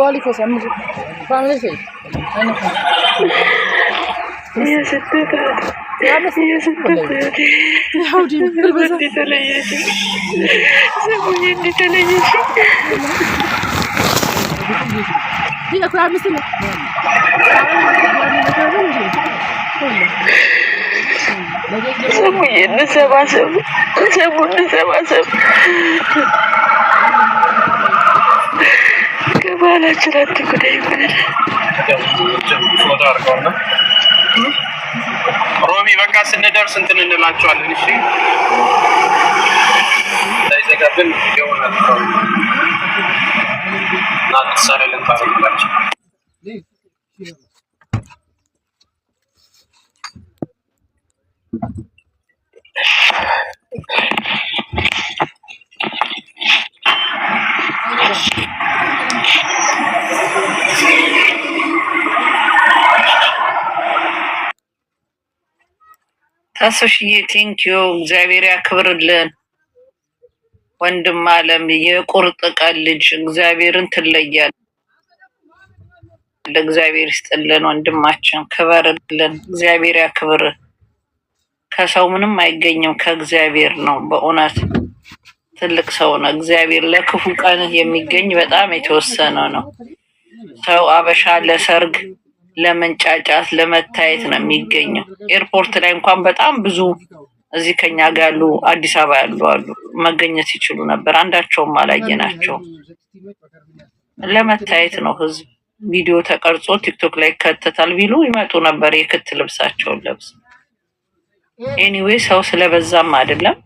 কোয়ালিফিকেশন বাংলাদেশে চলে গেছি চলে গেছি ঠিক sih. আমি sih ባላችራት ጉዳይ ይሆናል። ሮሚ በቃ ስንደርስ እንትን እንላቸዋለን። እሺ እንዳይዘጋብን ይሆናል። ናት ሳለ ታሶሽዬ ቴንኪዩ እግዚአብሔር ያክብርልን። ወንድም አለም የቁርጥ ቀን ልጅ እግዚአብሔርን ትለያል። እግዚአብሔር ይስጥልን ወንድማችን፣ ክበርልን። እግዚአብሔር ያክብር። ከሰው ምንም አይገኝም ከእግዚአብሔር ነው። በእውነት ትልቅ ሰው ነው እግዚአብሔር። ለክፉ ቀን የሚገኝ በጣም የተወሰነ ነው። ሰው አበሻ ለሰርግ ለመንጫጫት ለመታየት ነው የሚገኘው። ኤርፖርት ላይ እንኳን በጣም ብዙ እዚህ ከኛ ጋር ያሉ አዲስ አበባ ያሉ አሉ መገኘት ይችሉ ነበር። አንዳቸውም ናቸው። ለመታየት ነው ህዝብ ቪዲዮ ተቀርጾ ቲክቶክ ላይ ይከተታል ቢሉ ይመጡ ነበር የክት ልብሳቸውን ለብስ። ኤኒዌይ ሰው ስለበዛም አይደለም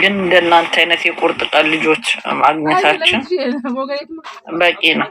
ግን እንደናንተ አይነት የቁርጥ ቀን ልጆች ማግኘታችን በቂ ነው።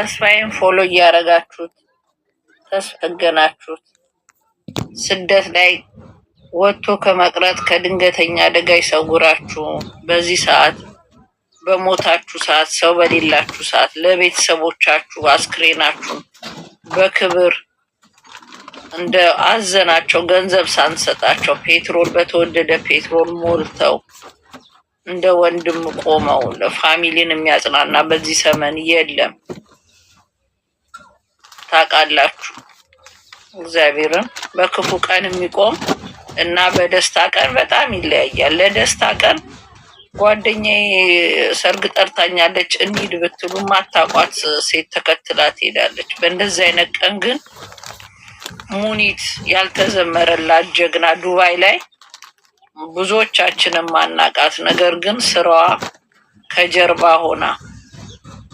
ተስፋዬን ፎሎ እያደረጋችሁት ተስፈገናችሁት ስደት ላይ ወጥቶ ከመቅረት ከድንገተኛ አደጋ ይሰውራችሁ። በዚህ ሰዓት በሞታችሁ ሰዓት ሰው በሌላችሁ ሰዓት ለቤተሰቦቻችሁ አስክሬናችሁ በክብር እንደ አዘናቸው ገንዘብ ሳንሰጣቸው ፔትሮል በተወደደ ፔትሮል ሞልተው እንደ ወንድም ቆመው ለፋሚሊን የሚያጽናና በዚህ ሰመን የለም። ታውቃላችሁ። እግዚአብሔርን በክፉ ቀን የሚቆም እና በደስታ ቀን በጣም ይለያያል። ለደስታ ቀን ጓደኛዬ ሰርግ ጠርታኛለች እንሂድ ብትሉ ማታቋት ሴት ተከትላ ትሄዳለች። በእንደዚህ አይነት ቀን ግን ሙኒት ያልተዘመረላት ጀግና ዱባይ ላይ ብዙዎቻችንን ማናቃት ነገር ግን ስራዋ ከጀርባ ሆና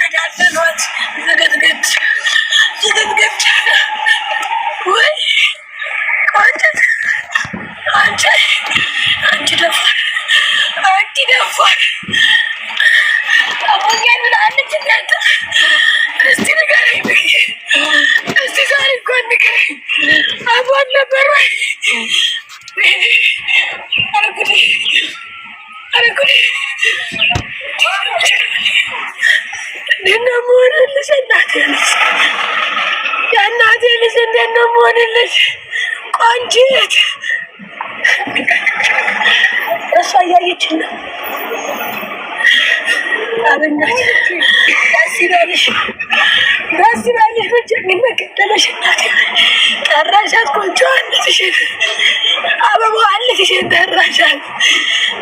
ተቀዳደሏት። ዝግትግት ዝግትግት ወይ ቆንጆ አንቺ አንቺ ደፋር አንቺ ደፋር አቦኛል ነበር ወይ እንዴት ነው የምሆንልሽ? ቆንጂት እሷ እያየችን ነው። ደስ ይበልሽ፣ ደስ ይበልሽ። ጠራሻት። ቆንጆ አንትሽን አበባ አንትሽን ጠራሻት፣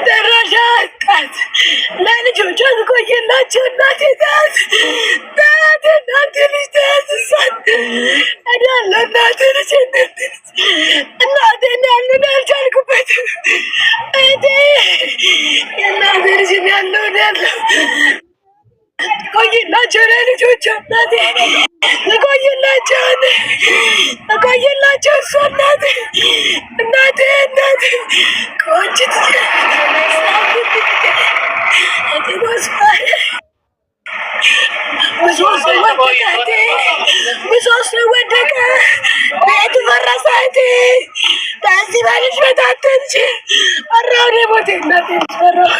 ጠራሻት ጣት ለልጆቿ ትቆየላቸው እናቴ ጣት నాకేమి చేయాల్సి సార్ అని అన్న నాతోనే చెందింది నాదే అన్న నేను చనిపోయింది అయితే నా తెలిసింది అన్న నేను Koyun lan çöreni çocuğum hadi. Koyun lan çöreni. Koyun lan çocuğum hadi. Hadi hadi. Koyun çocuğum. Hadi boş ver. ብዙ ሰው ወደቀ፣ ብዙ ሰው ወደቀ፣ ቤቱ ፈረሰ። በዚህ ባልሽ በታተንች። ፈራሁ እኔ እናቴ ፈራሁ።